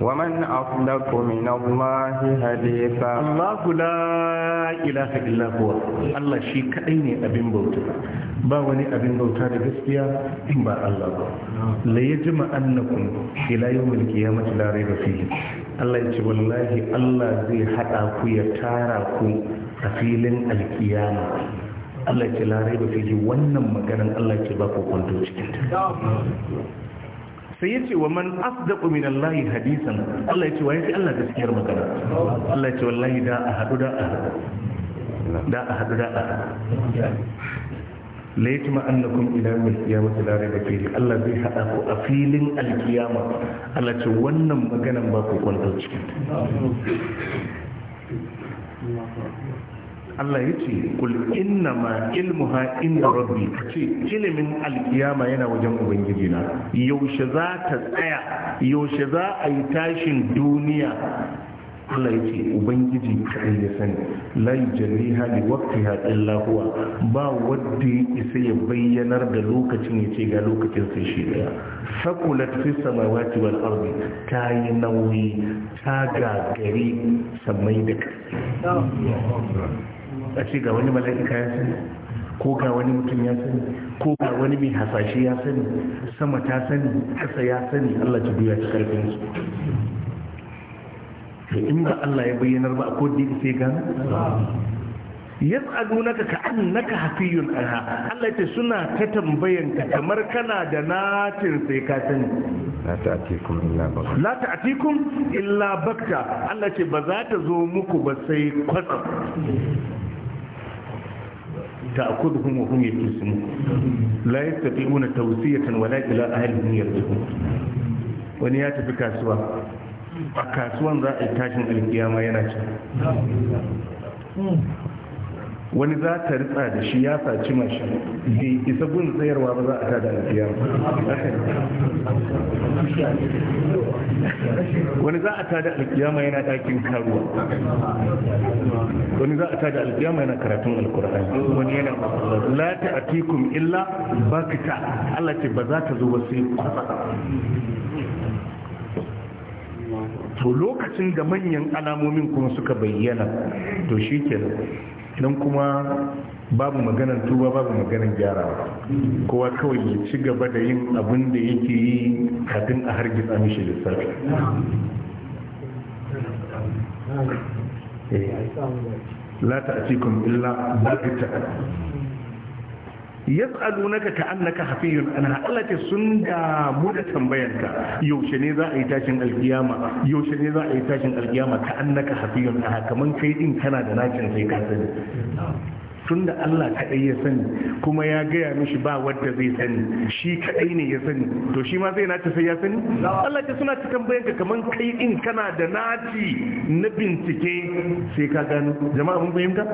A: ومن أصدق من الله حديثا الله لا
B: إله إلا هو الله شي كأيني أبن بوتا باوني أبن بوتا لبسيا إن با الله ليجمع أنكم إلى يوم القيامة لا ريب فيه الله يجي والله الله زي حتى كوي تاراكو أفيلن القيامة Allah ce larai ba fi wannan maganan Allah ce ba ku kwanto cikin ta. sai ya ce wa man asdaqu min allahi hadisan Allah ya ce wai sai Allah gaskiyar magana Allah ya ce wallahi da a hadu da da a hadu da la ma annakum ila yawmil qiyamati la rayba fihi Allah zai hada ku a filin alkiyama Allah ce wannan maganan ba ku kwanta cikin Allah ya ce kul inna ma ilmuha inda rabbi ce ilimin alkiyama yana wajen ubangiji na yaushe za ta tsaya yaushe za a yi tashin duniya Allah ya ce Ubangiji kai ya sani layi jalli hali wakti illa huwa ba wadda ya isa ya bayyanar da lokacin ya ce ga lokacin sai shi daya sakulat fi samawati wal ardi ta yi nauyi ta gagari samai da a ce ga wani mala'ika ya sani ko ga wani mutum ya sani ko ga wani mai hasashe ya sani sama ta sani ƙasa ya sani Allah ta biya ta karfin su to in ba Allah ya bayyanar ba ko da sai ka yas'alunaka ka'annaka hafiyun ha Allah ce suna ta tambayan ka kamar kana da natin sai ka sani
A: la ta'atikum illa bakta
B: la illa bakta Allah ce ba za ta zo muku ba sai kwatsam تأخذهم وهم يبتسمون لا يستطيعون توصية ولا إلى أهلهم يرجعون ونيات بكاسوا a kasuwan za a yi tashin alkiyama yana can wani za ta ritsa da shi ya saci mashi bai isa gun tsayarwa ba za a tada alfiyar wani za a tada alkiyama yana ɗakin karuwa wani za a tada alkiyama yana karatun alkur'ani wani yana la ta atikum illa bakita Allah ce ba za ta zo ba sai to lokacin da manyan alamomin kuma suka bayyana to shi ke. nan kuma babu maganar tuba babu maganar gyarawa kowa kawai ya ci gaba da yin abin da yake yi kafin a hargitsa mishi lissafi eh, Lata ta illa yas'alunaka ka'annaka hafiyun ana Allah ce sun damu da tambayarka yaushe ne za a yi tashin alkiyama yaushe ne za a yi tashin alkiyama ka'annaka hafiyun anha kaman kai din kana da nakin sai ka sani tunda Allah kaɗai ya sani kuma ya gaya mishi ba wadda zai sani shi kaɗai ne ya sani to shi ma zai naci sai ya sani Allah ta suna cikin bayan ka kamar kai in kana da naci na bincike sai ka gano jama'a mun fahimta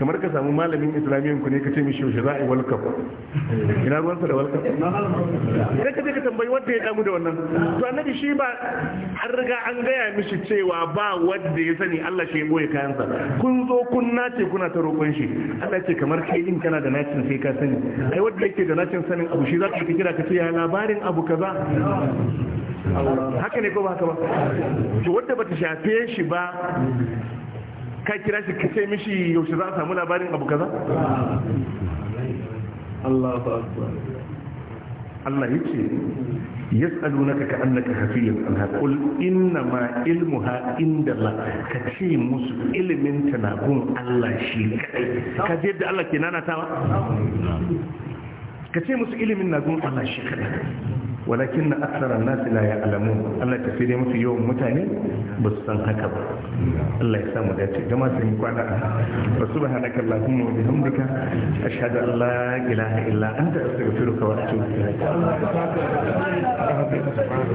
B: kamar ka samu malamin islamiyyan ku ne ka ce mishi yaushe za a yi walkaf ina sa da walkaf sai ka je ka tambayi wanda ya damu da wannan to annabi shi ba an riga an gaya mishi cewa ba wadda ya sani Allah shi ya boye kayansa kun zo kun nace kuna ta roƙon shi Allah ce kamar kai din kana da nacin sai ka sani ai wanda yake da nacin sanin abu shi za ka kira ka ce ya labarin abu kaza haka ne ko ba haka ba to wanda bata shafe shi ba ka kira shi ka ce mishi yaushe za a samu labarin abu kaza Allahu akbar Allah ya ce na ka annaka hafiyun anha qul inna ma ha inda la ka ce musu ilimin ta na gun Allah shi kadai ka je da Allah ke nanatawa ka ce musu ilimin na gun Allah shi kadai walakin na asarar nasu la ya alamu Allah ta fi dai mafi yawan mutane ba su san haka ba Allah ya samu dace gama sun yi kwana wa subhanaka allahumma wa bihamdika illa an la ilaha illa anta astaghfiruka wa atubu
C: ilaik